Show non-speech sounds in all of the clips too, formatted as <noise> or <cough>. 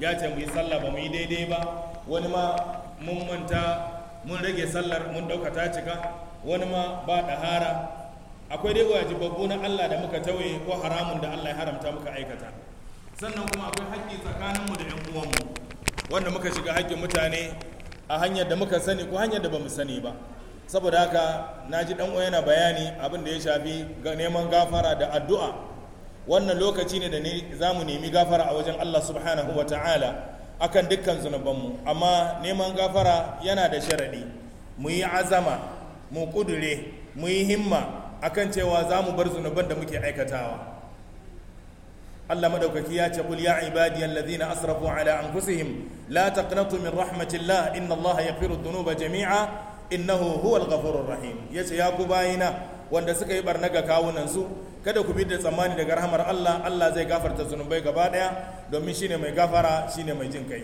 ya ce mu yi sallah ba mu yi daidai ba wani ma mun manta mun rage sallar mun ɗauka ta cika wani ma ba ɗahara akwai dai wajibabbu na Allah da muka tawaye ko haramun da Allah ya haramta muka aikata sannan kuma akwai haƙƙi tsakaninmu da ƴan uwanmu wanda muka shiga haƙƙin mutane a hanyar da muka sani ko hanyar da bamu sani ba saboda haka na ji dan uwa yana bayani abin da ya shafi neman gafara da addu'a wannan lokaci ne da za mu nemi gafara a wajen Allah subhanahu wa ta'ala akan dukkan zunubanmu amma neman gafara yana da sharaɗi mu yi azama mu kudure mu yi himma akan cewa za mu bar zunuban da muke aikatawa Allah madaukaki ya ce kul ya ibadi allazina asrafu ala anfusihim la taqnatu min rahmatillah inna Allah yaghfiru dhunuba jami'a innahu huwal ghafurur rahim yace ya ku bayina wanda suka yi barna ga kawunan su kada ku bi da tsammani daga rahamar Allah Allah zai gafarta zunubai gaba daya domin shine mai gafara shine mai jin kai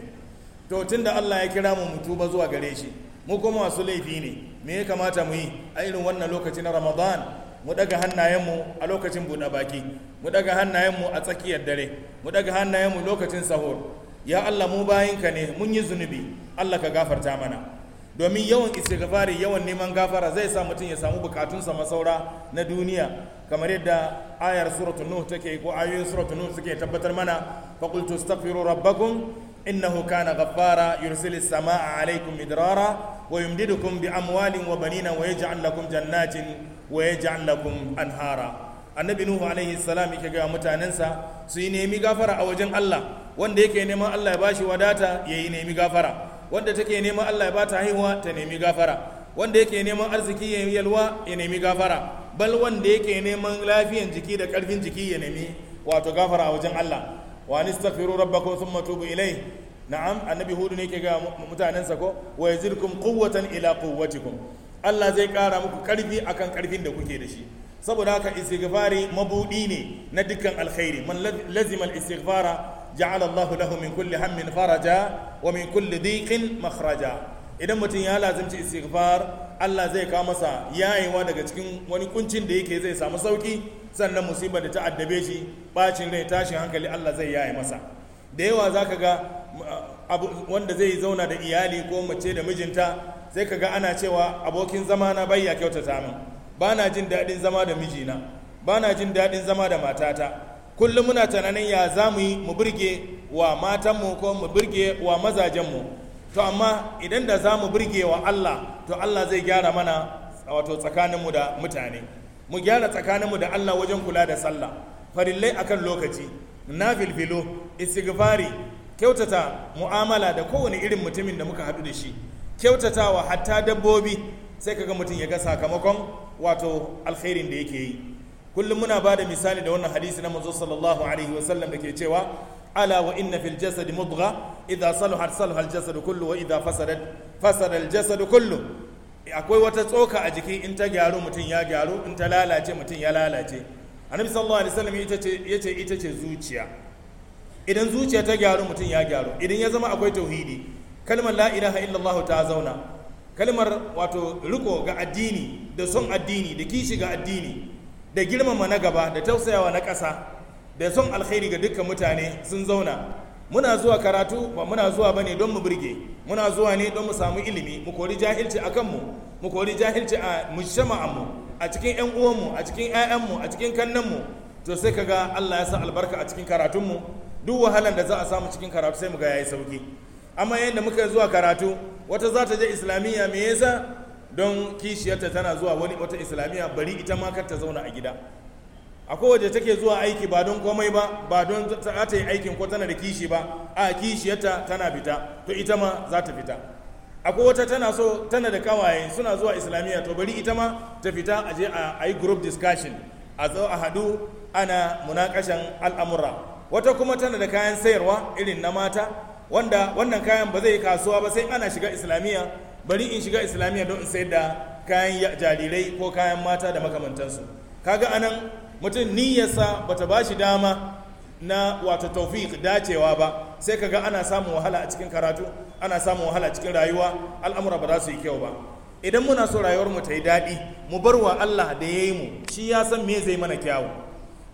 to tunda Allah ya kira mu mutuba zuwa gare shi mu kuma masu laifi ne me ya kamata mu yi a irin wannan lokaci na Ramadan mu daga mu a lokacin buɗe baki mu daga mu a tsakiyar dare mu daga mu lokacin sahur ya Allah mu bayinka ne mun yi zunubi Allah ka gafarta mana domin yawan istighfari yawan neman gafara zai sa mutum ya samu bukatunsa masaura na duniya kamar yadda ayar suratul nuh take ko ayoyin suratul nuh suke tabbatar mana qultu astaghfiru rabbakum innahu kana ghaffara yursilu samaa alaykum midrara wa yumdidukum bi amwalin wa banina wa yaj'al lakum jannatin wa yaj'al lakum anhara annabi nuhu alayhi salam yake ga mutanensa su yi nemi gafara a wajen Allah wanda yake neman Allah ya bashi wadata yayi nemi gafara wanda take neman Allah ya bata haihuwa ta nemi gafara wanda yake neman arziki ya yalwa ya nemi gafara bal wanda yake neman lafiyan jiki da karfin jiki ya nemi wato gafara a wajen Allah wa nastaghfiru rabbakum thumma tubu ilayhi na'am annabi hudu ne ke ga mutanensa ko wa yazirkum quwwatan ila quwwatikum Allah zai kara muku karfi akan karfin da kuke da shi saboda haka istighfari mabudi ne na dukkan alkhairi man lazima istighfara ja'ala Allahu lahu min kulli hammin faraja wa min kulli dhiqin makhraja idan mutum ya lazimci istighfar Allah zai kawo masa yayewa daga cikin wani kuncin da yake zai samu sauki sannan musibar da ta addabe shi bacin rai tashin hankali Allah zai yaye masa da yawa zaka ga uh, wanda zai zauna da iyali ko mace da mijinta sai kaga ana cewa abokin zama na bayya kyautata min ba na jin daɗin zama da mijina ba na jin daɗin zama da matata kullum muna tunanin ya za mu yi mu birge wa matanmu ko mu birge wa mazajenmu to amma idan da za mu birge wa Allah to Allah zai gyara mana wato tsakaninmu da mutane mu gyara tsakaninmu da Allah wajen kula da sallah farillai akan lokaci na filfilo istighfari kyautata mu'amala da kowane irin mutumin da muka haɗu da shi kyautatawa hatta dabbobi sai kaga mutum ya ga sakamakon wato alkhairin da yake yi kullum muna ba da misali da wannan hadisi na manzo sallallahu alaihi wasallam da ke cewa ala wa inna fil jasad mudgha idha salahat salaha al jasad kullu wa idha fasadat fasada al jasad kullu akwai wata tsoka a jiki in ta gyaru mutum ya gyaru in ta lalace mutum ya lalace annabi sallallahu alaihi wasallam ita ce yace ita ce zuciya idan zuciya ta gyaru mutum ya gyaru idan ya zama akwai tauhidi kalmar la ilaha illallah ta zauna kalmar wato riko ga addini da son addini da kishi ga addini da girmama na gaba da tausayawa na ƙasa da son alkhairi ga dukkan mutane sun zauna muna zuwa karatu ba muna zuwa ba ne don mu birge muna zuwa ne don mu samu ilimi mu kori jahilci a kanmu mu kori jahilci a mushama'anmu a cikin 'yan uwanmu a cikin 'ya'yanmu a cikin kannanmu to sai ka ga allah ya sa albarka a cikin karatunmu duk wahalan da za a samu cikin karatu sai mu ga yayi sauki amma yadda muka zuwa karatu wata za ta je islamiyya me yasa don kishiyarta tana zuwa wani wata islamiyya bari ita ma kar ta zauna a gida akwai waje take zuwa aiki ba don komai ba ba don ta yi aikin ko tana da kishi ba a kishiyarta tana fita to ita ma za ta fita akwai wata tana so tana da kawaye suna zuwa islamiyya to bari ita ma ta fita a je a yi group discussion a zo a hadu ana munakashan al'amura wata kuma tana da kayan sayarwa irin na mata wanda wannan kayan ba zai kasuwa ba sai ana shiga islamiyya bari in shiga islamiyya don in sayar da kayan jarirai ko kayan mata da makamantansu kaga anan mutum niyyarsa bata ba shi dama na wato taufiq dacewa ba sai kaga ana samun wahala a cikin karatu ana samun wahala a cikin rayuwa al'amura ba za su yi kyau ba idan muna so rayuwar mu ta yi daɗi mu bar wa Allah da ya yi mu shi ya san me zai mana kyawu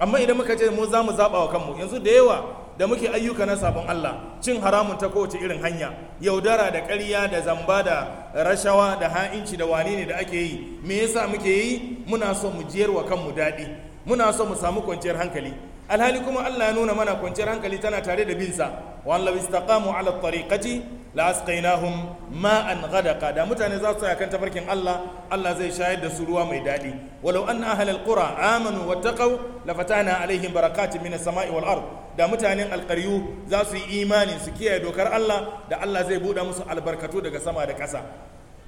amma idan muka ce mu za mu zaɓa wa kanmu yanzu da yawa da muke ayyuka na sabon Allah cin haramun ta kowace irin hanya yaudara da ƙarya da zamba da rashawa da ha'inci da wane ne da ake yi me yasa muke yi muna so mu jiyar wa kanmu daɗi muna so mu samu kwanciyar hankali alhali kuma Allah ya nuna mana kwanciyar hankali tana tare da binsa wallahu istaqamu ala tariqati la asqainahum ma'an ghadaqa da mutane za su kan tafarkin Allah Allah zai shayar da su ruwa mai dadi walau anna ahli alqura amanu wattaqu la fatana alaihim barakatin minas sama'i wal ard da mutanen alqaryu za su yi imani su kiyaye dokar Allah da Allah zai buɗe musu albarkatu daga sama da ƙasa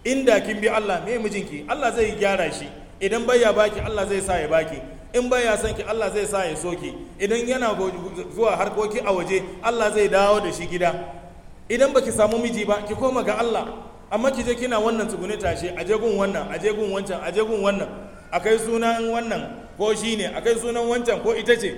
inda kin bi Allah me mijinki Allah zai gyara shi idan bai ya baki Allah zai sa ya baki in ba ya san ki Allah zai sa ya so ki idan yana zuwa harkoki a waje Allah zai dawo da shi gida idan baki samu miji ba ki koma ga Allah amma ki je kina wannan tsugune tashe aje gun wannan aje gun wancan aje gun wannan akai sunan wannan ko shine akai sunan wancan ko ita ce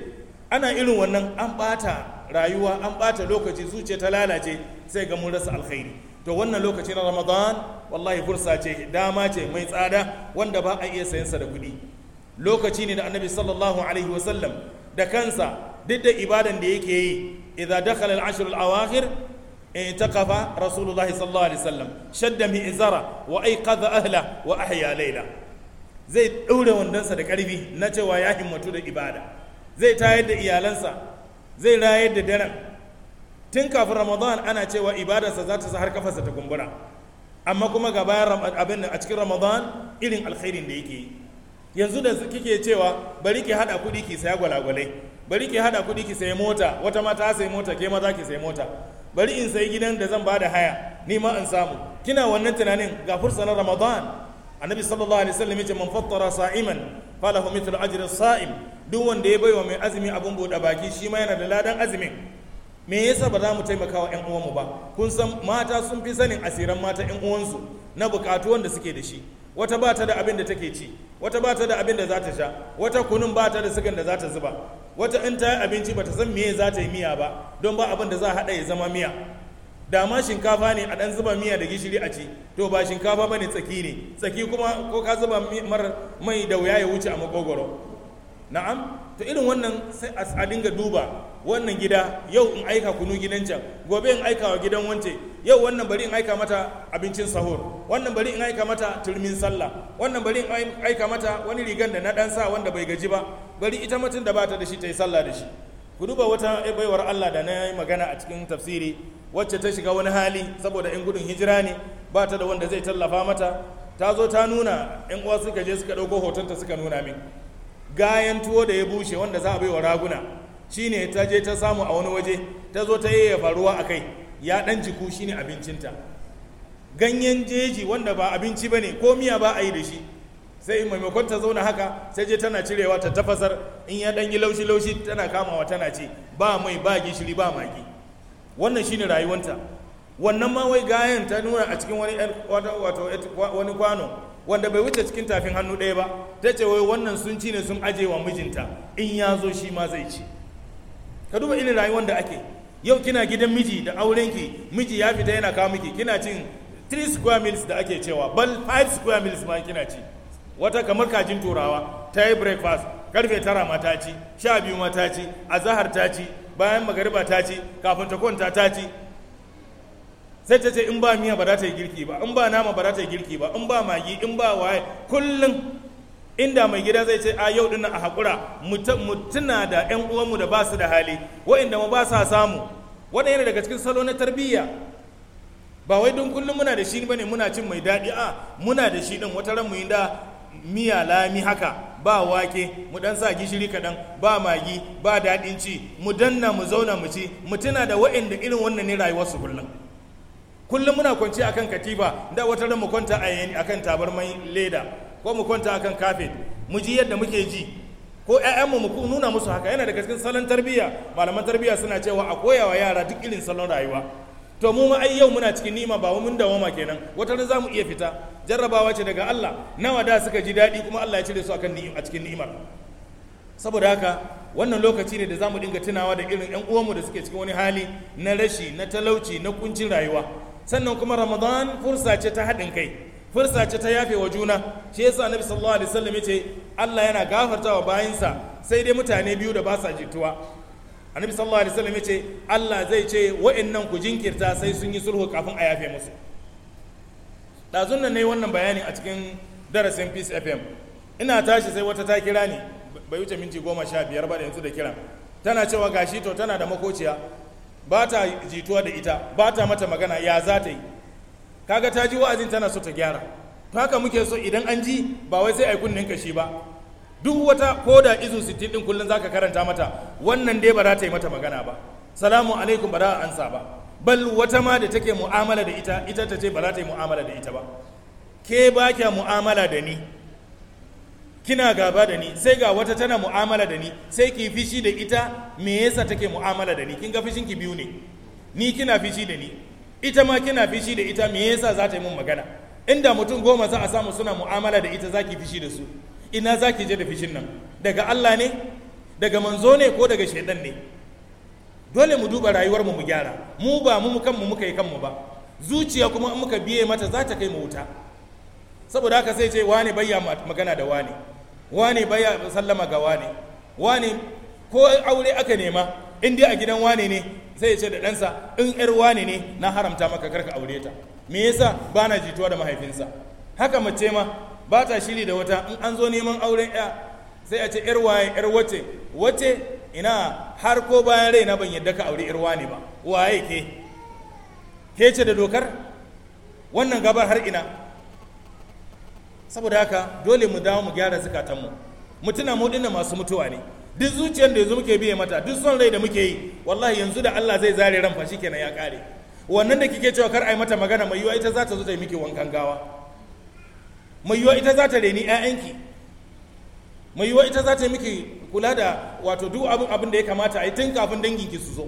ana irin wannan an bata rayuwa an bata lokaci zuciya ta lalace sai ga mun rasa alkhairi to wannan lokaci na ramadan wallahi fursa ce dama ce mai tsada wanda ba a iya sayansa da kuɗi lokaci ne da annabi sallallahu alaihi wasallam da kansa duk da ibadan da yake yi idan dakhala al-ashr al-awakhir intaqafa rasulullah sallallahu alaihi wasallam shadda mi izara wa aiqadha ahla wa ahya layla zai daure wandansa da karfi na cewa ya himmatu da ibada zai tayar da iyalansa zai rayar da daren tun kafin ramadan ana cewa ibadarsa za ta sa har kafarsa ta kumbura amma kuma ga bayan abin a cikin ramadan irin alkhairin da yake yi yanzu da kike cewa bari ki hada kuɗi ki saya gwalagwalai bari ki hada kuɗi ki sayi mota wata mata ta sayi mota ke ma za ki sayi mota bari in sayi gidan da zan bada haya ni ma in samu kina wannan tunanin ga fursa na ramadan annabi sallallahu alaihi wasallam yace man fattara sa'iman falahu mithlu ajri sa'im duk wanda ya baiwa mai azumi abun bude baki shi ma yana da ladan azumin me yasa ba za mu taimaka wa ƴan uwanmu ba kun san mata sun fi sanin asiran mata ƴan uwansu na bukatu wanda suke da shi wata ba ta da abin da take ci wata ba ta da abin da za ta sha wata kunun ba ta da sigan da za ta zuba wata in ta yi abinci ba ta san meye za ta yi miya ba don ba abin da za a haɗa ya zama miya da ma shinkafa ne a ɗan zuba miya da gishiri a ci to ba shinkafa ba ne tsaki ne tsaki kuma ko ka zuba mara mai da wuya ya wuce a makogoro na'am to irin wannan sai a dinga duba wannan gida yau in aika kunu gidan can gobe in aika wa gidan wance yau wannan bari in aika mata abincin sahur wannan bari in aika mata turmin sallah wannan bari in aika mata wani rigan da na dan sa wanda bai gaji ba bari ita mutum da bata da shi ta yi sallah da shi ku duba wata baiwar Allah da na yi magana a cikin tafsiri wacce ta shiga wani hali saboda in gudun hijira ne bata da wanda zai tallafa mata ta zo ta nuna yan uwa suka je suka ɗauko hotonta suka nuna min gayan tuwo da ya bushe wanda za a baiwa raguna shine ta je ta samu a wani waje ta zo ta yi ruwa a kai ya ɗan jiku shine abincinta ganyen jeji wanda ba abinci ba ne ko miya ba a yi da shi sai in maimakon ta zauna haka sai je tana cirewa ta tafasar in ya ɗan yi laushi laushi tana kamawa tana ce ba mai ba gishiri ba magi wannan shine rayuwanta wannan ma wai gayan ta nuna a cikin wani wani kwano wanda bai wuce cikin tafin hannu ɗaya ba ta ce wai wannan sun ci ne sun aje mijinta in ya zo shi ma zai ci ka duba irin rayuwar da ake yau kina gidan miji da aurenki miji ya fita yana kawo miki kina cin 3 square meals da ake cewa bal 5 square meals ma kina ci wata kamar kajin turawa ta yi breakfast karfe tara ma ta ci sha biyu ma ta ci azahar ta ci bayan magariba ta ci kafin ta kwanta ta ci sai ta ce in ba miya ba za ta yi girki ba in ba nama ba za ta yi girki ba in ba magi in ba waye kullum inda mai gida zai ce a yau dinnan a hakura mutuna da 'yan uwanmu da basu da hali wa'inda mu ba samu wannan yana daga cikin salo na tarbiyya ba wai don kullum muna da shi bane muna cin mai daɗi a muna da shi ɗin wata ran mu yi da miya lami haka ba wake mu dan sa gishiri kaɗan ba magi ba daɗin ci mu danna mu zauna mu ci mu tuna da wa'inda irin wannan ne rayuwarsu kullum kullum muna kwanci akan katifa da wata ran mu kwanta a akan tabarman leda ko mu kwanta akan kafet mu ji yadda muke ji ko ƴaƴanmu mu nuna musu haka yana daga cikin salon tarbiyya malaman tarbiyya suna cewa a koyawa yara duk irin salon rayuwa to mu ma ai yau muna cikin nima ba mun dawoma kenan wata za mu iya fita jarrabawa ce daga Allah nawa da suka ji daɗi kuma Allah ya cire su akan a cikin ni'imar saboda haka wannan lokaci ne da za mu dinga tunawa da irin ƴan uwanmu da suke cikin wani hali na rashi na talauci na kuncin rayuwa sannan kuma Ramadan fursa ce ta haɗin kai fursace ta yafe wa juna shi yasa annabi sallallahu alaihi wasallam yace Allah yana gafartawa bayinsa sai dai mutane biyu da ba sa jituwa annabi sallallahu alaihi wasallam yace Allah zai ce wa'annan ku jinkirta sai sun yi sulhu kafin a yafe musu dazun nan nayi wannan bayani a cikin darasin Peace FM ina tashi sai wata ta kira ni bai wuce minti goma sha biyar ba da yanzu da kiran tana cewa gashi to tana da makociya ba ta jituwa da ita ba ta mata magana ya za ta yi kaga ta ji wa'azin tana so ta gyara to haka muke so idan an ji ba wai sai ai kunnen kashi ba duk wata ko da izu 60 din kullun zaka karanta mata wannan dai ba za ta yi mata magana ba salamu alaikum ba za a ansa ba bal wata ma da take mu'amala da ita ita ta ce ba za ta yi mu'amala da ita ba ke ba kya mu'amala da ni kina gaba da ni sai ga wata tana mu'amala da ni sai ki fishi da ita me yasa take mu'amala da ni kin ga fishin ki biyu ne ni kina fishi da ni ita ma kina fishi da ita me yasa za ta yi mun magana inda mutum goma za a samu suna mu'amala da ita zaki fishi da su ina zaki je da fishin nan daga Allah ne daga manzo ne ko daga shaidan ne dole mu duba rayuwar mu mu gyara mu ba mu kanmu muka yi kanmu ba zuciya kuma in muka biye mata za ta kai mu wuta saboda haka sai ce wani bayya magana da wani wani bayya sallama ga wani wani ko aure aka nema in dai a gidan wane ne sai ya ce da ɗansa in ƴar wane ne na haramta maka karka aure ta me yasa ba na jituwa da mahaifinsa haka mace ma ba ta shiri da wata in an zo neman auren ya sai a ce ƴar waye ƴar wace wace ina har ko bayan rai na ban yadda ka aure ƴar wane ba waye ke ke ce da dokar wannan gabar har ina saboda haka dole mu dawo mu gyara zukatanmu mu mu dinna masu mutuwa ne duk zuciyar da yanzu muke biye mata duk son rai da muke yi wallahi yanzu da Allah zai zare ran fashi kenan ya kare wannan da kike cewa kar ai mata magana mai yiwa ita za ta zo ta yi miki wankan gawa mai yiwa ita za ta reni ƴaƴanki mai yiwa ita za ta yi miki kula da wato duk abin abin da ya kamata a yi tun kafin danginki su zo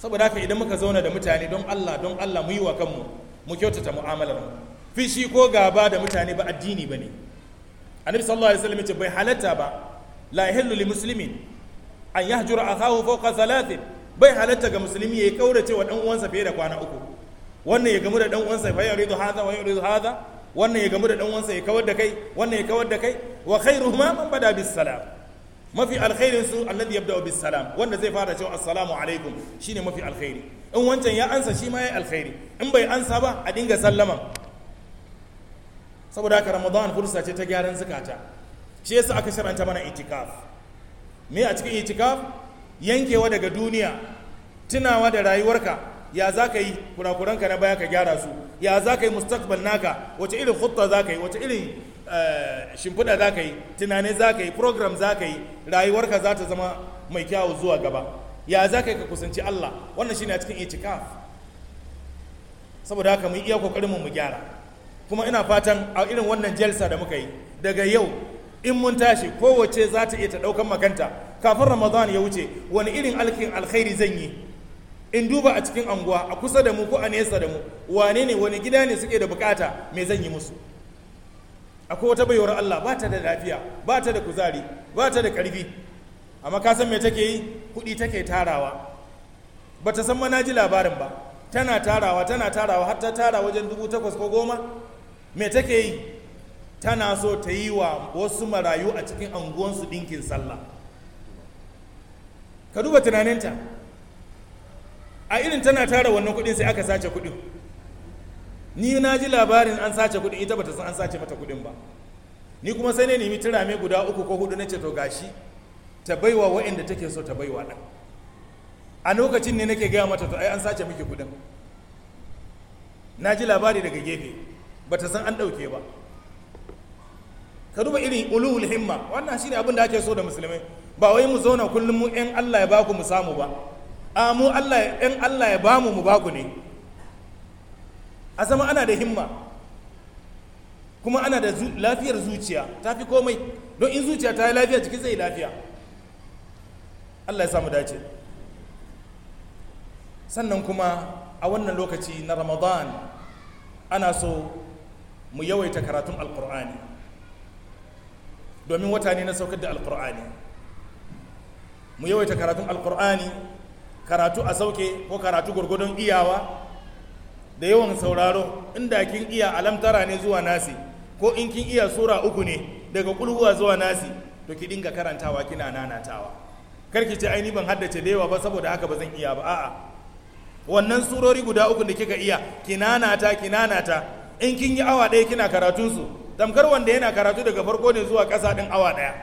saboda haka idan muka zauna da mutane don Allah don Allah mu yi wa kanmu mu kyautata mu'amalar mu fishi ko gaba da mutane ba addini bane annabi sallallahu alaihi wasallam ya ce bai halatta ba la yahillu li muslimin an yahjura akahu fawqa thalathin bai halatta ga musulmi ya kaurace wa dan uwansa fiye da kwana uku wannan ya gamu da dan uwansa fa yuridu hadha wa yuridu hadha wannan ya gamu da dan uwansa ya kawar da kai wannan ya kawar da kai wa khairuhuma man bada bis salam mafi alkhairin su alladhi yabda'u bis salam wanda zai fara cewa assalamu alaikum shine mafi alkhairi in wancan ya ansa shi ma yayi alkhairi in bai ansa ba a dinga sallama saboda haka ramadan fursa ce ta gyaran zakata shi yasa aka sharanta mana itikaf me a cikin itikaf yankewa daga duniya tunawa da rayuwarka ya za ka yi kurakuranka na baya ka gyara su ya za ka yi mustaqbal naka wace irin hutta za ka yi wace irin eh, shimfiɗa za ka yi tunane za ka yi program za ka yi rayuwarka za ta zama mai kyawu zuwa gaba ya za ka yi ka kusanci Allah wannan shine a cikin itikaf saboda haka mu iya kokarin mu gyara kuma ina fatan a irin wannan jalsa da muka yi daga yau in mun tashi kowace za ta iya ta ɗaukan makanta kafin ramadan ya wuce wani irin alkin alkhairi zan yi in duba a cikin anguwa a kusa da mu ko a nesa da mu wane ne wani gida ne suke da bukata me zan yi musu akwai wata baiwar Allah ba ta da lafiya ba ta da kuzari ba ta da karfi amma ka san me take yi kuɗi take tarawa ba ta san manaji labarin ba tana tarawa tana tarawa hatta tara wajen dubu takwas ko goma me take yi tana so ta yi wa wasu marayu a cikin anguwansu ɗinkin sallah ka duba tunaninta a irin tana tara wannan kuɗin sai aka sace kuɗin ni na ji labarin an sace kuɗin ita bata san an sace mata kuɗin ba ni kuma sai ne nemi turame guda uku ko hudu na ce to gashi ta baiwa wa'anda take so ta baiwa ɗan a lokacin ne nake gaya mata to ai an sace miki kuɗin na ji labari daga gefe bata san an ɗauke ba ka duba irin ulul himma wannan shine abin da ake so da musulmai ba wai mu zauna kullum mu ɗan Allah ya baku mu samu ba a mu Allah ɗan Allah ya bamu mu baku ne a zama ana da himma kuma ana da lafiyar zuciya ta fi komai don in zuciya ta yi lafiya jiki zai lafiya Allah ya samu dace sannan kuma a wannan lokaci na ramadan ana so mu yawaita karatun alkur'ani domin wata ne na saukar da alkur'ani mu yawaita karatun alkur'ani karatu a sauke ko karatu gurgudun iyawa da yawan sauraro inda kin iya alamtara ne zuwa nasi ko in kin iya sura uku ne daga kulhuwa zuwa nasi to ki dinga karantawa kina nanatawa karki ce aini ban haddace da yawa ba saboda haka ba zan iya ba a'a wannan surori guda uku da kika iya ki nanata ki nanata in kin yi awa ɗaya kina karatunsu tamkar wanda yana karatu daga farko ne zuwa ƙasa ɗin awa ɗaya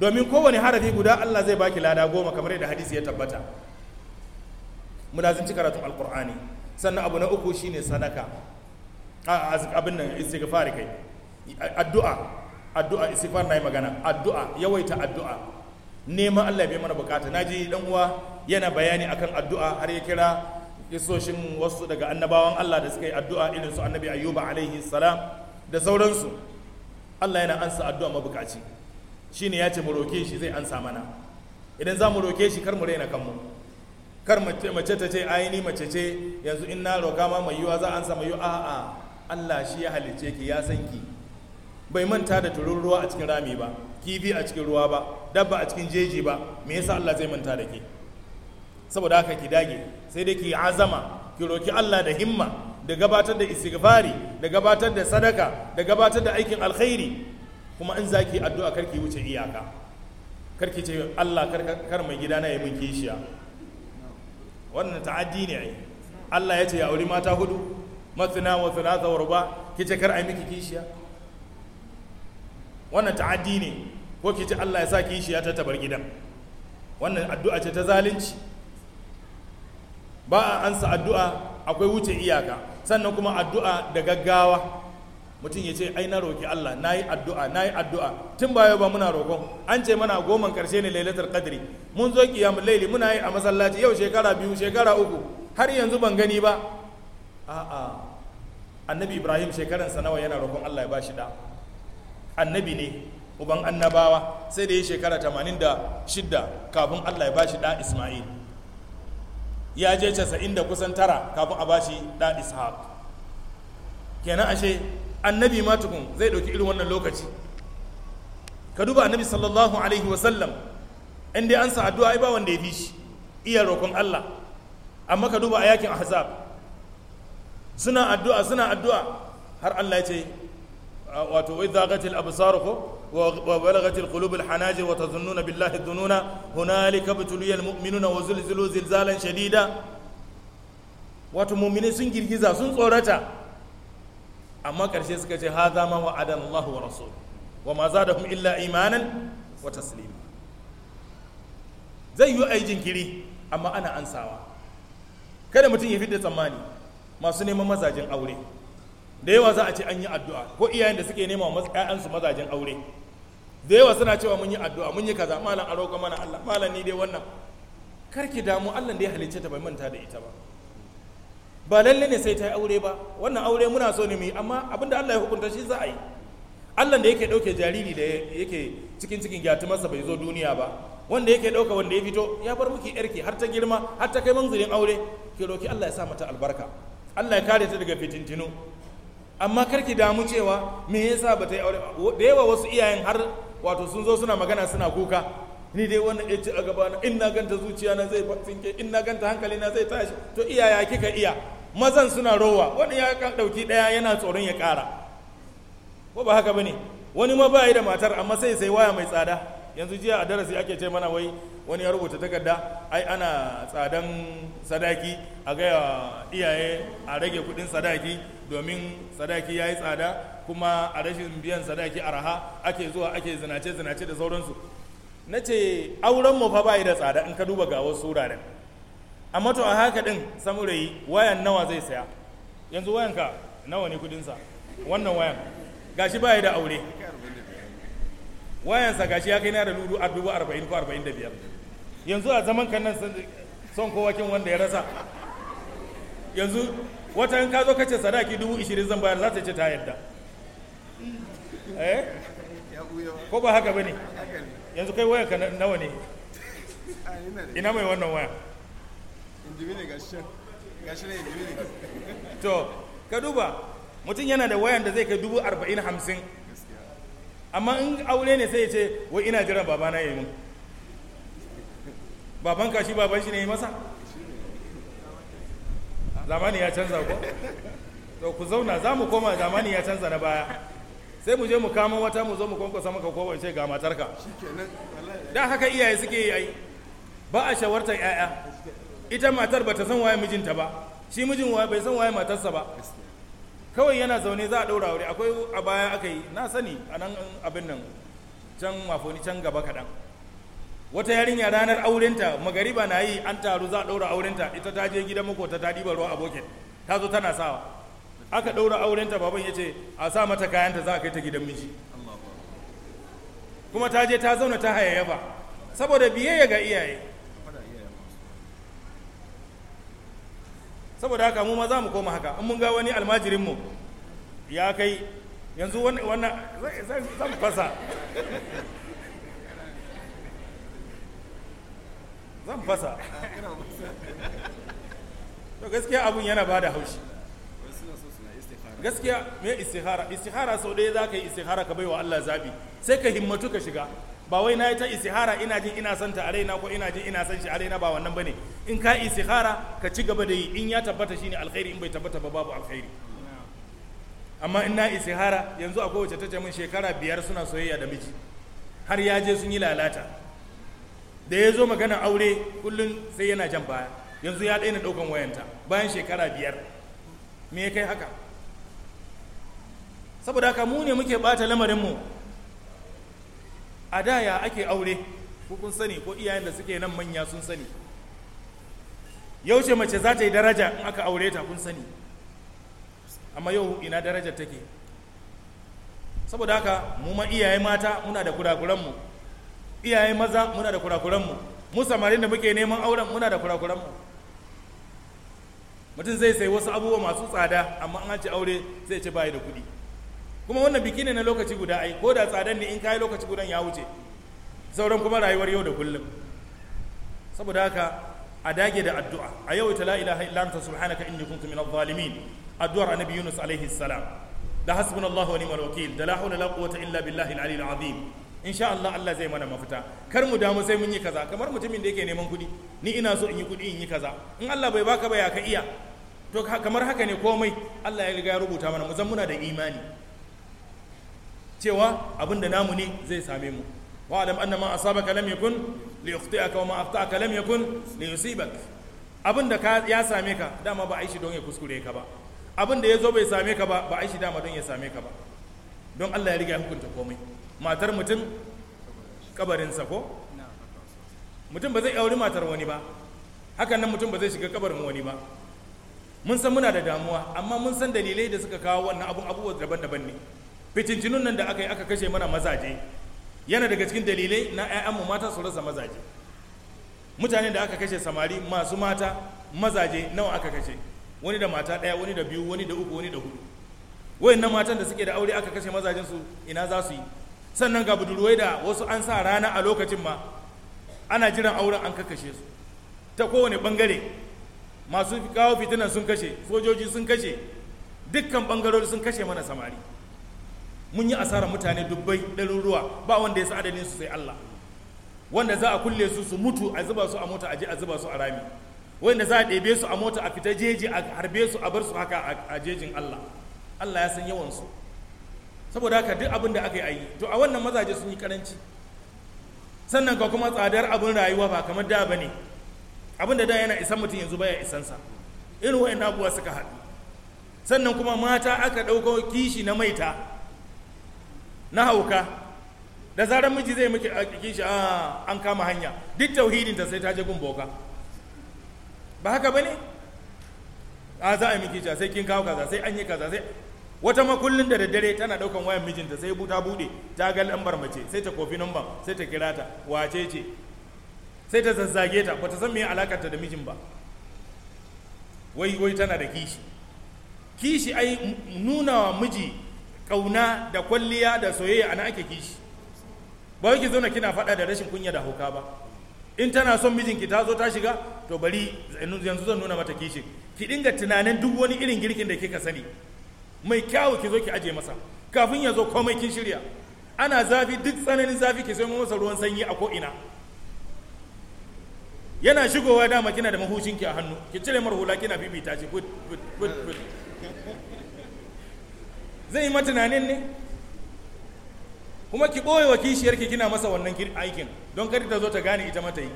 domin kowane harafi guda Allah zai baki lada goma kamar yadda hadisi ya tabbata mulazimci karatun alkur'ani sannan abu na uku shine sadaka abin nan istighfar kai addu'a addu'a istighfar yi magana addu'a yawaita addu'a neman Allah bai mana bukata ji dan uwa yana bayani akan addu'a har ya kira isoshin wasu daga annabawan Allah da suka yi addu'a irin su annabi ayyuba alaihi salam da sauransu Allah yana ansa addu'a mabukaci shine ya ce mu roke shi zai ansa mana idan za mu roke shi kar mu raina kanmu kar mace ta ce aini mace ce yanzu in na roka ma mai yiwa za a ansa mai yiwa a'a Allah shi ya halicce ki ya san ki bai manta da turun ruwa a cikin rami ba kifi a cikin ruwa ba dabba a cikin jeji ba me yasa Allah zai manta da ke saboda haka ki dage sai dai ki azama ki roki Allah da himma da gabatar da istighfari da gabatar da sadaka da gabatar da aikin alkhairi kuma in zaki addu'a karki wuce iyaka karki ce Allah kar mai gidana ya min kishiya wannan ta'addi ne ai Allah ya ce ya auri mata hudu mathna wa thalatha wa ruba kice kar ai miki kishiya wannan ta'addi ne ko kice Allah ya sa kishiya ta tabar gidan wannan addu'a ce ta zalunci ba a ansa addu'a akwai wuce iyaka sannan kuma addu'a da gaggawa mutum ya ce ai na roki Allah na yi addu'a na yi addu'a tun ba ba muna roƙon an ce mana goman ƙarshe ne lailatar qadri mun zo mu laili muna yi a masallaci yau shekara biyu shekara uku har yanzu ban gani ba a'a annabi ibrahim shekaransa nawa yana roƙon Allah ya ba shi da annabi ne uban annabawa sai da ya shekara 86 kafin Allah ya ba shi da isma'il ya je casa'in da kusan tara kafin a bashi da ishaq kenan ashe annabi ma tukun zai ɗauki irin wannan lokaci ka duba annabi sallallahu alaihi wasallam inda an sa addu'a ba wanda ya fi shi iya roƙon allah amma ka duba a yakin ahzab suna addu'a suna addu'a har allah ya ce wato wai zagatil absar وبلغت القلوب الحناجر وتظنون بالله الظنون هنالك ابتلي المؤمنون وزلزلوا زلزالا شديدا wato mummini sun girgiza sun tsorata amma karshe suka ce ha zama wa adan Allah wa ma za da kuma illa imanan yi jinkiri amma ana ansawa kada mutum ya fidda tsammani masu neman mazajen aure da yawa za a ce an yi addu'a ko iyayen da suke nema wa 'ya'yansu mazajen aure da yawa suna cewa mun yi addu'a mun yi kaza malam a roƙa mana Allah malam ni dai wannan karki damu Allah da ya halicce ta bai manta da ita ba ba lalle ne sai ta yi aure ba wannan aure muna so ne mu yi amma abinda Allah ya hukunta shi za a yi Allah da yake ɗauke jariri da yake cikin cikin gyatumarsa bai zo duniya ba wanda yake ɗauka wanda ya fito ya bar muke yarki har ta girma har ta kai manzirin aure ki roki Allah ya sa mata albarka Allah ya kare ta daga fitintinu amma karki damu cewa me yasa ba ta yi aure da yawa wasu iyayen har wato sun zo suna magana suna kuka ni dai wannan ya ci a gaba na in ganta zuciya na zai tsinke in na ganta hankali na zai tashi to iyaya kika iya mazan suna rowa wani ya kan dauki daya yana tsoron ya kara ko ba haka bane wani ma ba yi da matar amma sai sai waya mai tsada yanzu jiya a darasi ake ce mana wai wani ya rubuta takarda ai ana tsadan sadaki a gaya iyaye a rage kudin sadaki domin sadaki ya yi tsada kuma a rashin biyan sadaki araha ake zuwa ake zinace zinace da sauransu na ce auren mu fa bai da tsada in ka duba ga wasu wuraren amma to a haka din samurai wayan nawa zai saya yanzu wayan ka nawa ne kudin sa wannan wayan gashi bai da aure wayan sa gashi ya kai na da lulu a dubu arba'in ko arba'in da biyar yanzu a zaman kan nan son kowakin wanda ya rasa yanzu wata in ka zo kace sadaki dubu ishirin zan bayar za ta ce ta yadda eh ko ba haka bane yanzu kai ka nawa ne ina mai wannan waya to ka duba mutum yana da wayan da zai kai dubu arba'in hamsin amma in aure ne sai ya ce wai ina jiran babana ya yi mun baban ka shi baban shi ne yi masa zamani ya canza ko to ku zauna za mu koma zamani ya canza na baya sai mu je mu kama wata mu zo mu kwankwasa maka ko wance ga matarka da haka iyaye suke yi ai ba a shawartar yaya ita matar ba ta san waye mijinta ba shi mijin waye bai san waye matarsa ba kawai yana zaune za a ɗaura aure akwai a baya aka yi na sani a nan abin nan can mafoni can gaba kaɗan wata yarinya ranar aurenta magariba na yi an taru za a ɗaura aurenta ita ta je gidan makota ta ɗiba ruwa abokin ta zo tana sawa aka ɗaura aurenta baban ya ce a sa mata kayanta za a kai ta gidan miji kuma ta je ta zauna ta ba saboda biyayya ga iyaye saboda haka mu ma za mu koma haka in mun ga wani mu ya kai yanzu wannan zan fasa zan fasa to gaskiya abun yana ba da haushi gaskiya mai istihara istihara sau ɗaya za ka yi istihara ka baiwa Allah zabi sai ka himmatu ka shiga ba wai na yi ta istihara ina jin ina son ta a ko ina jin ina son shi a ba wannan ba ne in ka istihara ka ci gaba da yi in ya tabbata shine alkhairi in bai tabbata ba babu alkhairi amma in na istihara yanzu akwai wacce ta min shekara biyar suna soyayya da miji har ya je sun yi lalata da ya zo magana aure kullum sai yana jan baya yanzu ya daina ɗaukan wayanta bayan shekara biyar me ya kai haka saboda haka mu ne muke bata lamarinmu a da ya ake aure ko kun sani ko iyayen da suke nan manya sun sani yaushe mace za ta yi daraja in aka aure ta kun sani amma yau ina darajar take saboda haka mu ma iyaye mata muna da kurakuranmu iyaye maza muna da kurakuranmu mu samarin da muke neman auren muna da kurakuranmu mutum zai sai wasu abubuwa masu tsada amma an ce aure zai ce bayi da kuɗi kuma wannan biki ne na lokaci guda ai ko da tsadan ne in kai lokaci gudan ya wuce sauran kuma rayuwar yau da kullum saboda haka a dage da addu'a a yau ta la ilaha illa anta subhanaka inni kuntu minaz zalimin addu'ar annabi Yunus alaihi salam da hasbunallahu wa ni'mal wakil da la hawla la quwwata illa billahi al aliyyil azim insha Allah Allah zai mana mafita kar mu damu sai mun yi kaza kamar mutumin da yake neman kuɗi ni ina so in yi kuɗi in yi kaza in Allah bai baka ba ya ka iya to kamar haka ne komai Allah ya riga ya rubuta mana mu zan muna da imani cewa abin da namu ne zai same mu wa alam anna ma asabaka lam yakun li yakhti'aka wa ma akhta'aka lam yakun li yusibak abin da ya same ka dama ba Aishi don ya kuskure ka ba abin da ya zo bai same ka ba ba aishi dama don ya same ka ba don Allah ya riga hukunta komai matar mutum sa ko mutum ba zai aure matar wani ba hakan nan mutum ba zai shiga kabarin wani ba mun san muna da damuwa amma mun san dalilai da suka kawo wannan abubuwa daban-daban ne fitintinun nan da aka yi aka kashe mana mazaje yana daga cikin dalilai na 'ya'yanmu mata su rasa mazaje mutane da aka kashe samari masu mata mazaje nawa aka kashe wani da mata ɗaya wani da biyu wani da uku wani da hudu wayannan matan da suke da aure aka kashe mazajen su ina za su yi sannan ga budurwai da wasu an sa rana a lokacin ma ana jiran auren an kakkashe su ta kowane bangare masu kawo fitinan sun kashe sojoji sun kashe dukkan bangarori sun kashe mana samari mun yi asara mutane dubbai ɗaruruwa ba wanda ya sa adadin su sai Allah wanda za a kulle su su mutu a zuba su a mota a je a zuba su a rami wanda za a ɗebe su a mota a fita jeji a harbe su a bar su haka a jejin Allah Allah ya san yawan su saboda haka duk abin da aka yi to a wannan mazaje sun yi karanci sannan ga kuma tsadar abin rayuwa ba kamar da bane abin da da yana isan mutum yanzu baya isan sa. irin wa'annan abubuwa suka haɗu sannan kuma mata aka ɗauko kishi na maita na hauka da zarar miji zai miki kishi shi an kama hanya duk tauhidin ta sai ta je gumboka ba haka bane a za a yi miki sai kin kawo kaza sai an yi kaza sai wata makullin da daddare tana daukan wayan mijinta sai buta bude ta ga lambar mace sai ta kofi lambar sai ta kira ta wace ce sai ta zazzage ta bata san me ta da mijin ba wai wai tana da kishi kishi ai nuna wa miji kauna da kwalliya da soyayya ana ake kishi ba yake zo na kina fada da rashin kunya da hauka ba in tana son mijinki ta zo ta shiga to bari yanzu zan nuna mata kishin ki dinga tunanin duk wani irin girkin da kika sani mai kyawu ki zo ki aje masa kafin ya zo komai kin shirya ana zafi duk tsananin zafi ki sai masa ruwan sanyi a ko'ina yana shigowa dama kina da mahushinki a hannu ki cire mar hula kina bibita shi put put put put zai yi matunanin ne kuma ki ɓoye wa kishiyarki kina masa wannan aikin don kar ta zo ta gane ita mata yi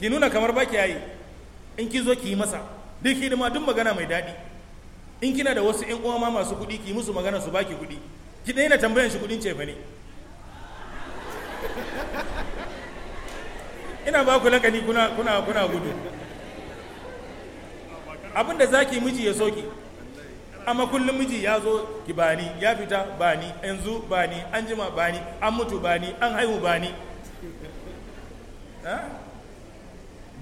ki nuna kamar ba ki yayi in ki zo ki yi masa duk hidima duk magana mai daɗi in kina da wasu 'yan uwa ma masu kuɗi ki musu magana su baki kuɗi ki daina tambayan shi kuɗin ce bane <laughs> ina ba ku lakani kuna kuna gudu abinda zaki miji ya soki amma kullum miji ya zo ki bani ya fita bani yanzu bani an jima bani an mutu bani an haihu bani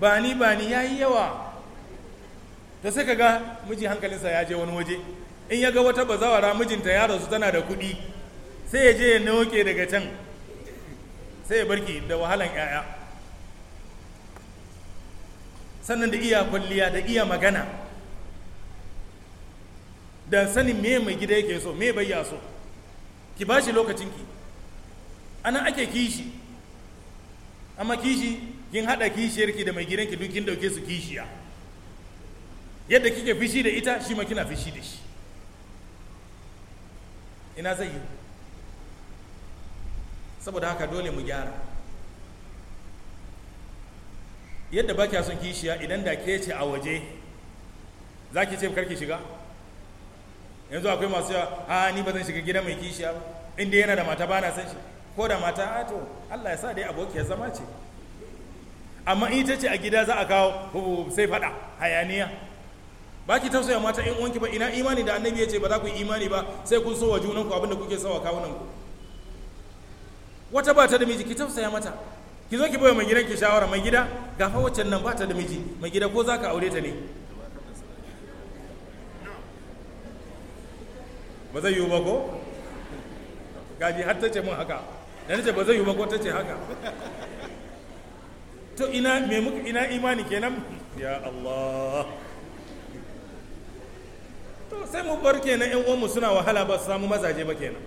bani bani ya yi yawa ta sai ga miji hankalinsa ya je wani waje in ya ga wata bazawara mijinta ya rasu tana da kuɗi sai ya je ya nauke daga can sai ya barki da wahalan 'ya'ya sannan da iya kwalliya da iya magana da sanin me mai gida yake so me bai ya so ki ba shi lokacinki anan ake kishi amma kishi kin haɗa kishiyarki da mai gidanki duk kin ɗauke su kishiya yadda kike fishi da ita shi ma kina fishi da shi ina zai yi saboda haka dole mu gyara yadda ba kya son kishiya idan da ke ce a waje za ki ce karki shiga yanzu akwai masu yawa a ni ba zan shiga gida mai kishiya ba inda yana da mata ba san shi ko da mata a to Allah ya sa dai abokiyar zama ce amma in ita ce a gida za a kawo sai faɗa hayaniya ba ki tausaya mata in uwanki ba ina imani da annabi ya ce ba za ku yi imani ba sai kun so wa junanku abinda kuke so wa kawunanku wata ba ta da miji ki tausaya mata ki zo ki bai mai gidan ki shawara mai gida gafa waccan nan bata da miji mai gida ko za ka aure ta ne ba zai yiwu ba ko gaji har ta ce mun haka da nace ba zai yiwu ba ko ta ce haka to ina me muka ina imani kenan ya Allah to sai mu bar kenan ƴan uwanmu suna wahala ba su samu mazaje ba kenan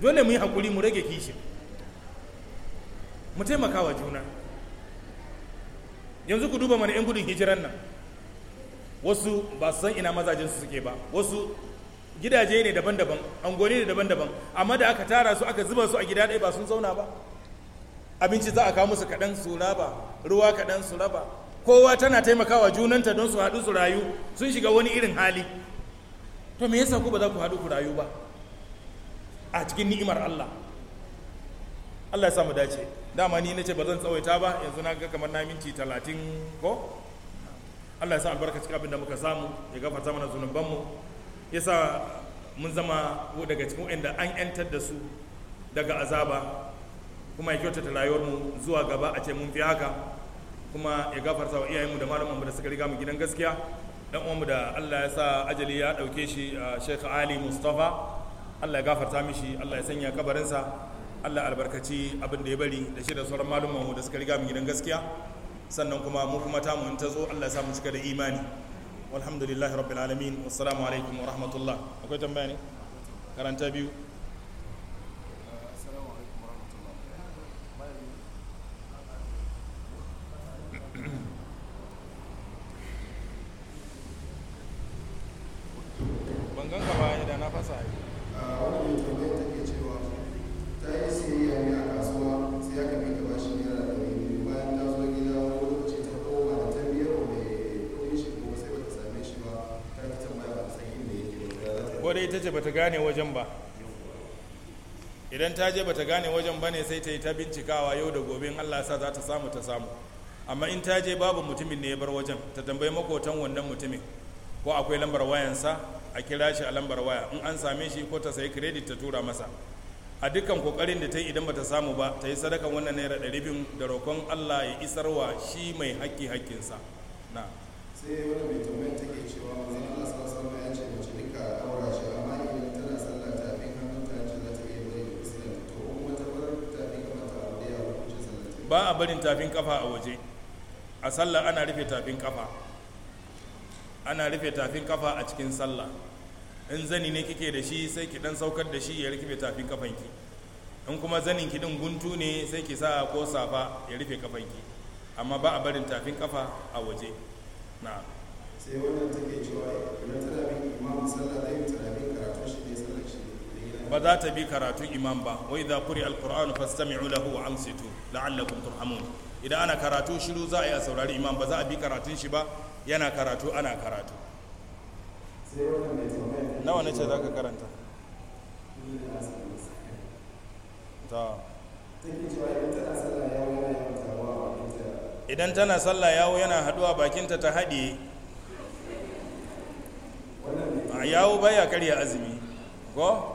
dole mu yi hakuri mu rage kishi mu taimaka wa juna yanzu ku duba mana 'yan gudun hijiran nan wasu ba san ina su suke ba wasu gidaje ne daban-daban angoni ne daban-daban amma da aka tara su aka zuba su a gida ɗaya ba sun zauna ba abinci za a kawo musu kaɗan su raba ruwa kaɗan su raba kowa tana taimakawa junanta don su haɗu su rayu sun shiga wani irin hali to me yasa ku ba za ku haɗu ku rayu ba a cikin ni'imar Allah Allah ya samu dace dama ni nace ba zan tsawaita ba yanzu na ga kamar na minti 30 ko Allah ya sa albarka cikin abin da muka samu ya gafarta mana zunubanmu yasa mun zama daga cikin wanda an yantar da su daga azaba kuma ya kyautata rayuwarmu zuwa gaba a ce mun fi haka kuma ya gafarta wa iyayenmu da malamanmu da suka riga mu gidan gaskiya dan uwanmu da Allah ya sa ajali ya dauke shi Sheikh Ali Mustafa Allah ya gafarta mishi Allah ya sanya kabarinsa Allah albarkaci abin da ya bari da shi da sauran malumanmu da suka riga mu gidan gaskiya sannan kuma mu kuma ta mu ta zo Allah ya sa mu cika da imani walhamdulillahi rabbil alamin wassalamu alaikum wa rahmatullah akwai tambaya ne karanta biyu ita ce bata gane wajen ba idan ta je bata gane wajen ba ne sai ta yi ta bincikawa yau da gobe in allah sa za ta samu ta samu amma in ta je babu mutumin ne ya bar wajen ta tambayi makotan wannan mutumin ko akwai lambar wayansa a kira shi a lambar waya in an same shi ko ta sayi kiredit ta tura masa a dukkan kokarin da ta yi idan bata samu ba ta yi sadakan wannan naira ɗari biyu da roƙon allah ya isarwa shi mai haƙƙi haƙƙinsa na sai wani mai tambayar take cewa ba a barin tafin kafa a waje a sallah ana rufe tafin kafa ana rufe tafin kafa a cikin sallah in zani ne kike da shi sai ki dan saukar da shi ya rufe tafin kafanki in kuma zanin ki din guntu ne sai ki sa ko safa ya rufe kafanki amma ba a barin tafin kafa a waje na sai wannan take cewa idan tana bin imam sallah da yin bin karatun shi ba za ta bi karatun imam ba wai za kuri alkur'anu fastami'u lahu wa amsitu la'allakum turhamun idan ana karatu shiru za a yi a saurari imam ba za a bi karatun shi ba yana karatu ana karatu nawa ne ce za ka karanta ta idan tana sallah yawo yana haduwa bakinta ta haɗe yawo baya karya azumi ko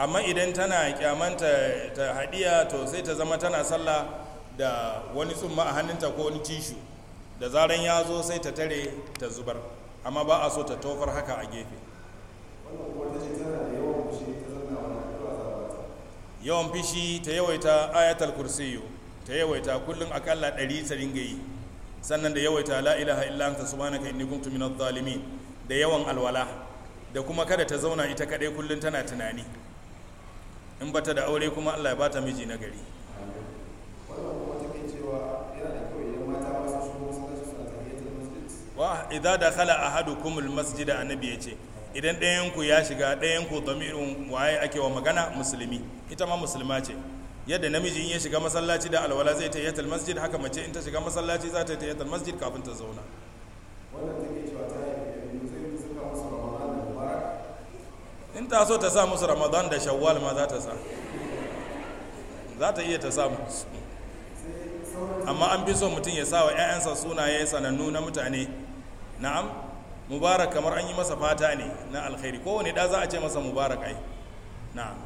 amma idan tana kyamanta ta hadiya to sai ta zama tana sallah da wani tsumma a hannunta ko wani tishu da zaren ya zo sai ta tare ta zubar amma ba a so ta tofar haka a gefe yawan fishi ta yawaita ayatul kursiyu ta yawaita kullum akalla ɗari ta ringa yi sannan da yawaita la ilaha illa anta subhanaka inni kuntu minadh zalimin da yawan alwala da kuma kada ta zauna ita kadai kullum tana tunani in bata da aure kuma allah ya bata miji na gari wa idza kumul masjid da annabi ce idan ɗayan ku ya shiga ɗayan ku waye ake wa magana musulmi ita ma musulma ce yadda namiji ya shiga masallaci da alwala zai ta tayyatul masjid haka mace in ta shiga masallaci za ta tayyatul masjid kafin ta zauna wannan take cewa in ta so ta sa musu ramadan da shawwal ma za ta sa za ta iya ta sa musu amma an fi so mutum ya sa wa 'ya'yansa sunaye sanannu na mutane na'am mubarak kamar an yi masa fata ne na alkhairi kowane da za a ce masa mubarak ai na'am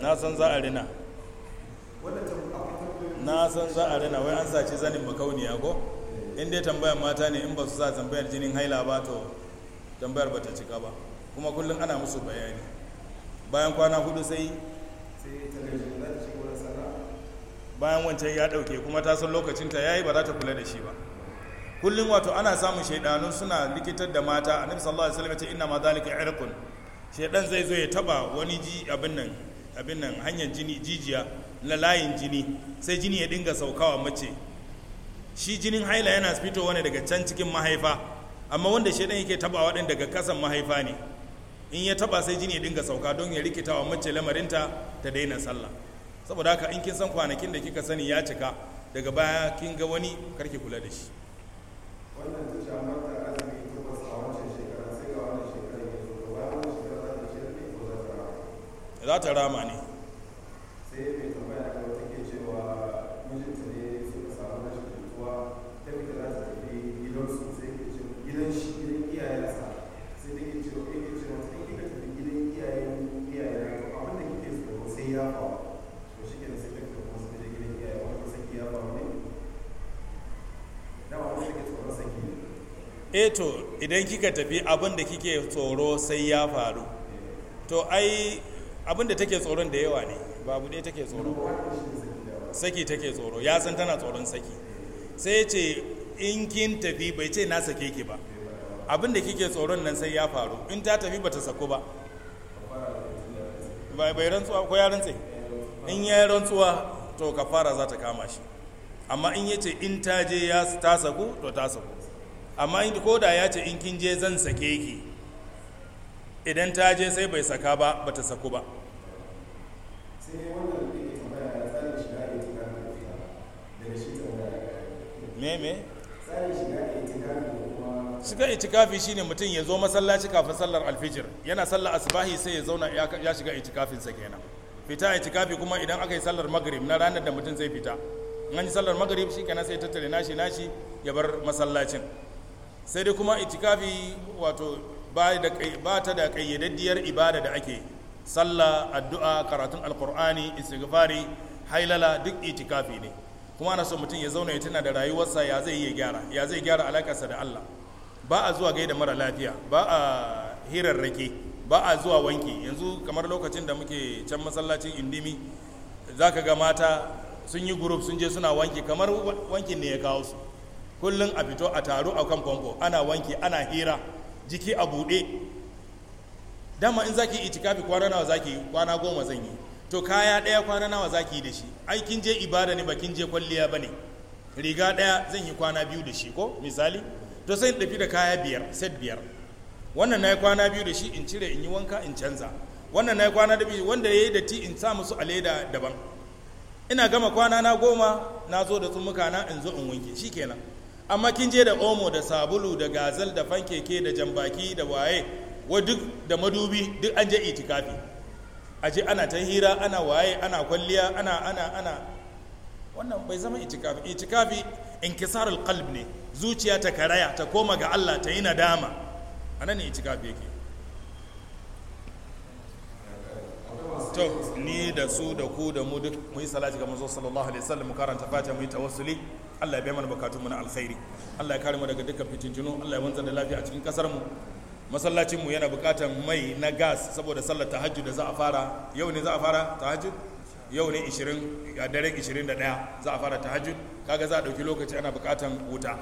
na san za a rina na san za a rina wai an sace zanin makauniya ko in dai tambayar mata ne in ba su sa tambayar jinin haila ba to tambayar ba ta cika ba kuma kullum ana musu bayani bayan kwana hudu sai bayan wancan ya dauke kuma ta san lokacinta yayi ba za ta kula da shi ba kullum wato ana samun shaidanun suna likitar da mata annabi sallallahu alaihi wasallam ya ce inna ma zalika irqun shaidan zai zo ya taba wani ji abin nan abin nan hanyar jini jijiya na layin jini sai jini ya dinga saukawa mace shi jinin haila yana fitowa ne daga can cikin mahaifa amma wanda shaidan yake taba din daga kasan mahaifa ne in ya taba sai jini ya dinga sauka don ya rikita wa mace lamarinta ta daina sallah saboda haka in kin san kwanakin da kika sani ya cika daga baya kin ga wani karki kula da shi wannan za ta rama ne eto eh idan kika tafi abin da kike tsoro sai ya faru to ai abin da take tsoron da yawa ne babu ɗaya take tsoro saki take tsoro ya san tana tsoron saki sai ce in kin tafi bai ce na sake ki ba abin da kike tsoron nan sai ya faru in ta tafi bata sako ba bai rantsuwa ko ya rantse in ya rantsuwa to kafara za ta kama shi amma in ya ce in ta je ya ta saku to ta saku amma ko da ya ce in kin je zan sake ki idan ta je sai bai saka ba ba ta saku ba meme shiga itikafi shine mutum ya zo masallaci kafin sallar alfijir yana sallar asbahi sai ya zauna ya shiga itikafinsa kenan fita itikafi kuma idan aka yi sallar magrib na ranar da mutum zai fita in an yi sallar magrib shi kenan sai tattare nashi nashi ya bar masallacin sai dai kuma itikafi wato ba ta da kayyadaddiyar ibada da ake sallah addu'a karatun alkur'ani istighfari hailala duk itikafi ne kuma ana so mutum ya zauna ya tuna da rayuwarsa ya zai iya gyara ya zai gyara alakarsa da Allah ba a zuwa gaida mara lafiya ba a hirarrake ba a zuwa wanki yanzu kamar lokacin da muke can masallacin indimi zaka ga mata sun yi group sun je suna wanki kamar wankin ne ya kawo su kullum a fito a taru a kan famfo ana wanki ana hira jiki a buɗe dama in zaki itikafi kwana nawa zaki yi kwana goma zan yi to kaya ɗaya kwana nawa zaki yi da shi ai kin je ibada ne ba kin je kwalliya ba ne riga ɗaya zan yi kwana biyu da shi ko misali to sai in tafi da kaya biyar set biyar wannan na yi kwana biyu da shi in cire in yi wanka in canza wannan na yi kwana da biyu wanda ya yi datti in sa musu a leda daban ina gama kwana na goma na zo da tsumuka na in zo in wanke shi kenan amma kin je da omo da sabulu da gazal da fankeke da jambaki da waye wa duk da madubi duk an je itikafi a je ana ta hira ana waye ana kwalliya ana ana ana wannan bai zama itikafi itikafi inkisarul qalb ne zuciya ta karaya ta koma ga Allah ta yi nadama anan ne itikafi yake to ni da su da ku da mu duk mu yi salati ga manzo sallallahu alaihi wasallam mu karanta fatiha mu yi tawassuli Allah ya bai mana bukatun mu na alkhairi Allah ya kare mu daga dukkan fitintunu Allah ya wanzar da lafiya a cikin kasar mu masallacin mu yana bukatan mai na gas saboda sallar tahajjud da za a fara yau ne za a fara tahajjud yau ne 20 a daren 21 za a fara tahajjud kaga za a dauki lokaci ana bukatan wuta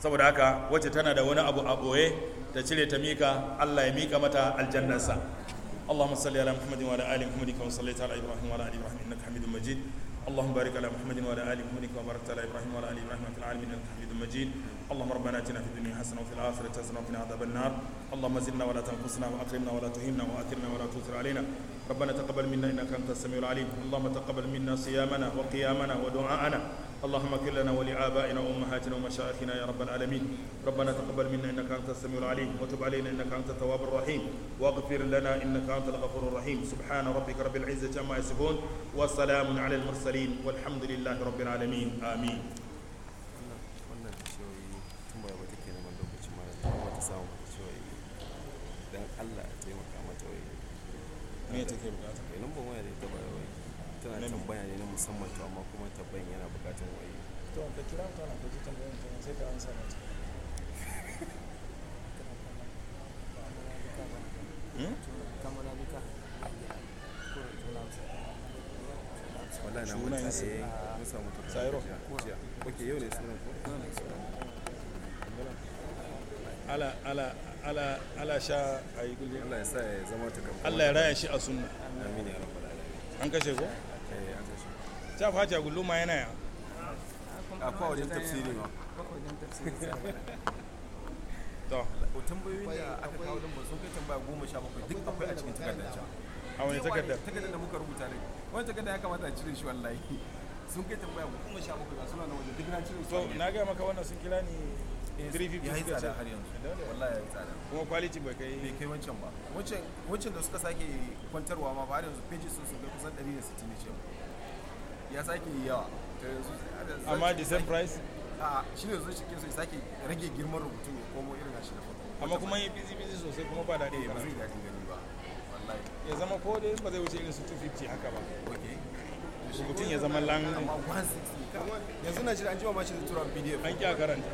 saboda haka wacce tana da wani abu a boye ta cire ta mika Allah ya mika mata aljannarsa اللهم صل على محمد وعلى ال محمد كما صليت على ابراهيم وعلى ال ابراهيم انك حميد مجيد اللهم بارك على محمد وعلى ال محمد كما باركت على ابراهيم وعلى ال ابراهيم في العالمين انك حميد مجيد اللهم ربنا اتنا في الدنيا حسنه وفي الاخره حسنه وقنا عذاب النار اللهم زدنا ولا تنقصنا واكرمنا ولا تهنا واثرنا ولا تؤثر علينا ربنا تقبل منا انك انت السميع العليم اللهم تقبل منا صيامنا وقيامنا ودعاءنا اللهم اغفر لنا ولآبائنا وأمهاتنا ومشايخنا يا رب العالمين ربنا تقبل منا إنك أنت السميع العليم وتب علينا إنك أنت التواب الرحيم واغفر لنا إنك أنت الغفور الرحيم سبحان ربك رب العزة عما يصفون وسلام على المرسلين والحمد لله رب العالمين آمين me take bukata tana tambaya ne na musamman to amma kuma tabbayin yana bukatar waye to ka kira ta na ka ji tambayar ta sai ka ansa mata hmm? wallahi na mutane mun samu tsairo ok Allah ya raya shi a sunna amin ya rabu da Allah. an kashe ko ta fata yana ya a wajen tafsiri to da aka kawo din ba sun kai tambaya goma sha bakwai duk akwai a cikin takardar can a wani takardar takardar da muka rubuta ne wani takardar ya kamata a cire shi wallahi sun kai tambaya goma sha bakwai ba suna na wajen duk na cire su to na ga maka wannan sun kira ni 350 ya yi tsada har yanzu wallahi ya yi tsada kuma quality bai kai bai kai wancan ba wancan da suka sake kwantarwa ma ba har yanzu pages sun sun kai kusan 160 ne ce ya sake yi yawa to yanzu amma the same price a shi ne zo shi ke so ya sake rage girman rubutu ya komo irin gashi na farko amma kuma yi busy busy sosai kuma ba daɗi eh, ba zai daɗin gani ba ya zama ko dai ba zai wuce irin su 250 haka ba rubutun ya zama lang yanzu na jira an jima ma shi da turan pdf an kya karanta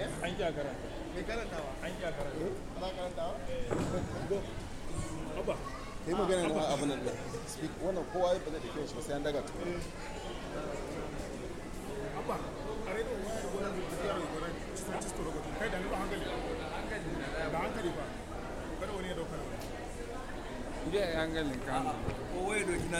eh? an kya karanta mai karantawa an kya karanta eh? ba karantawa abba kai magana na ah, abin nan speak wannan kowa ba zai da kyau sosai an daga tukuna a n k a l i a n k a l i n o w y e doki na